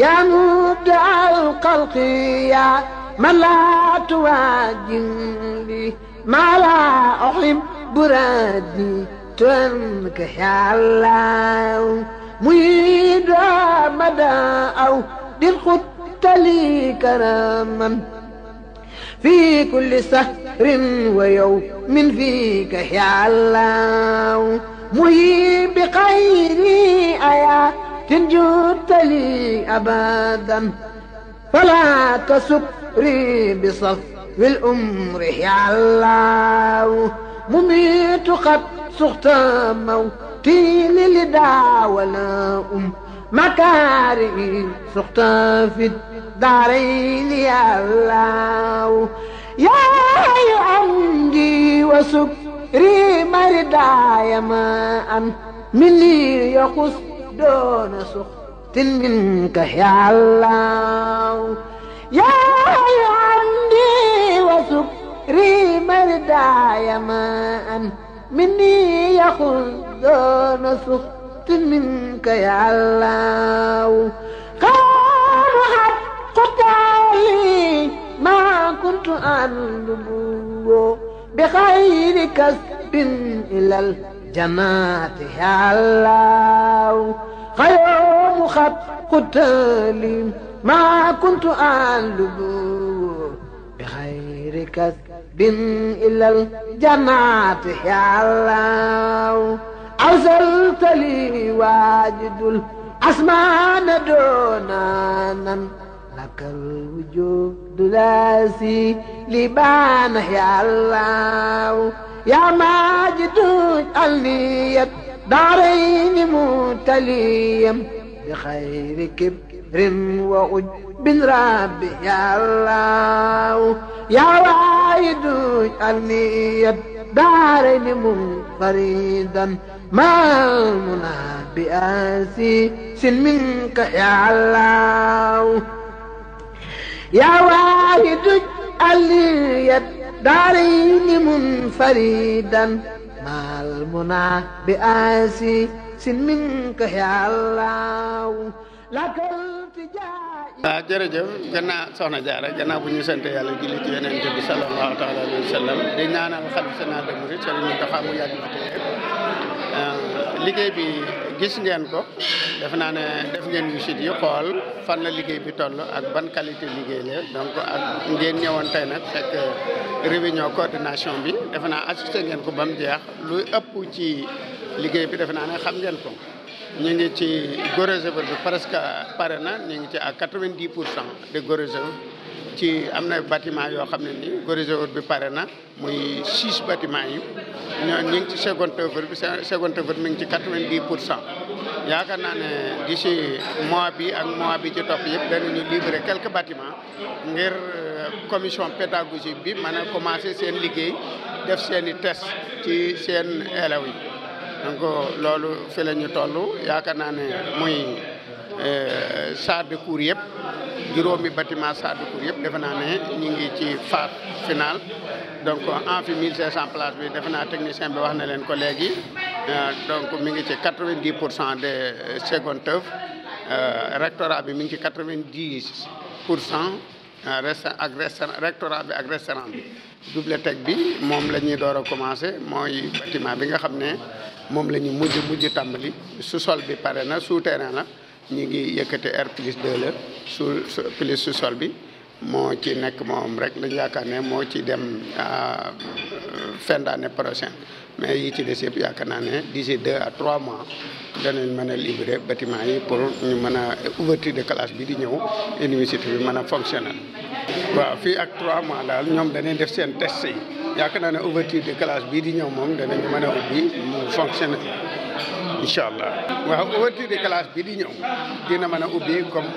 يا مبدع الخلق يا من لا تواجه لي ما لا أحب ردي تنك يا الله ميد مدى أو للخط لي كرما في كل سهر ويوم فيك يا الله مهي بخير إن جئت لي أبدا فلا تسكري بصف الأمر يا الله مميت قد سخت موتي للدع ولا أم مكاري سخت في الدارين يا الله يا عندي وسكري مردا يا ما أن مني يخص دون سخط منك يا الله يا عندي وسكري مرداي ماء مني يخل دون سخط منك يا الله قال حق تعالي ما كنت أندبو بخير كسب إلى الجنات يا الله غيوم خط قتالي ما كنت أعلب بغير كسب إلا الجماعة يا الله أوصلت لي واجد الأسمان دونانا لك الوجود لاسي لبان يا الله يا ماجد النية daarayni mutaliyan bi xayri kibrin wa uj bin rabbi yàllaaw yaa waayidu alniyat daarayni munfaridan maa munaa bi aasi sin minka yàllaaw yaa waayidu alniyat daarayni munfaridan مع bi بآسي سن منك يا الله لك التجاء waaw jërëjëf gannaaw soxna Jaara gannaaw bu ñu sant yàlla julli ci Yonent bi sallallahu taala alayhi wa di ñaanal xalifa général mu yàgg fi tey ah, liggéey bi gis ngeen ko def naa ne def ngeen visite yi xool fan la liggéey bi toll ak ban qualité liggéey la donc ak ngeen ñëwoon tey nag fekk coordination bi defe naa assisté ngeen ko ba mu jeex luy ëpp ci liggéey bi defe naa xam ngeen ko ñu ngi ci góor ba bi presque pare na ñu ngi ci à quatre-vingt-dix pour cent de góor ci am na bâtiment yoo xam ne nii corrigé wut bi pare na muy six bâtiment yi ñoo ñu ci seconde œuvre bi seconde œuvre mi ngi ci quatre-vingt-dix pour cent yaakaar naa ne d'ici mois bi ak mois bi ci topp yëpp danañu libéré quelques bâtiments ngir euh, commission pédagogique bi mën a commencé seen liggéey def seen i test ci seen élèves yi donc loolu fi la ñu toll yaakaar naa ne muy Euh, salle de cours yëpp juróomi bâtiment salle de cours yëpp defe naa ne ñu ngi ci phase finale donc en fi 1500 places bi defe naa technicien bi wax na leen ko léegi euh, donc mi ngi ci 90 pour cent des seconde œuvre euh, rectorat bi mi ngi ci 90 pour cent resta ak restaurant rectorat bi ak restaurant bi bibliothèque bi moom la ñuy door a commencé mooy bâtiment bi nga xam ne moom la ñu mujj mujj tàmbali su sol bi pare na terrain la ñu ngi yëkkati R plus 2 la su plus sous-sol bi moo ci nekk moom rek lañ yaakaar ne moo ci dem euh, fin d'année prochaine mais yi ci des yëpp yaakaar naa ne d'ici deux trois mois danañ mën a batiment yi pour ñu mën a ouverture de classe bi di ñëw université bi mën a fonctionner waaw fii ak trois mois daal ñoom danañ def seen test yi yaakaar naa ne ouverture de classe bii di ñëw moom danañ mën a ubbi mu fonctionner incha allah waaw ouverture de classe bi di ñëw dina mën a ubbi comme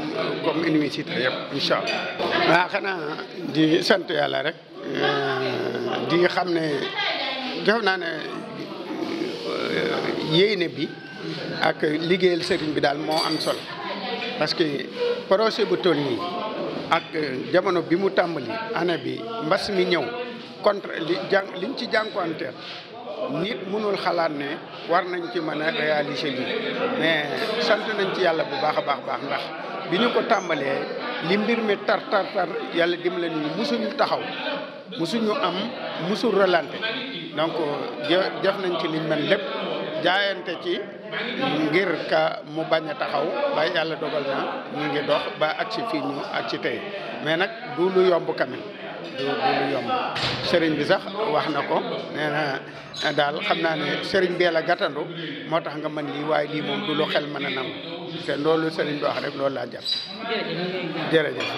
comme université yëpp incha allah. waaw xanaa di sant yàlla rek euh, di xam ne def naa ne euh, yéene bi ak liggéeyal sëriñ bi daal moo am solo parce que projet bu toll yi ak jamono bi mu tàmbali année bi mbas mi ñëw contre li jàng liñ ci jànkuwanteel. nit mënul xalaat ne war nañ ci mën a réaliser lii mais sant nañ ci yàlla bu baax a baax baax ndax bi ñu ko tàmbalee li mbir mi tar tar tar yàlla dimbale ñu musuñu taxaw musuñu am musul relante donc def nañ ci liñ mën lépp jaayante ci ngir ka mu bañ a taxaw ba yàlla dogal na ñu ngi dox ba ak ci fii ak ci tey mais nag du lu yomb quand du yomb sëriñ bi sax wax na ko nee na daal xam naa ne sëriñ bee la gàttandu moo tax nga mën lii waaye lii moom du lu xel mën a nangu te loolu sëriñ bi wax rek loolu laa jàpp jërëjëf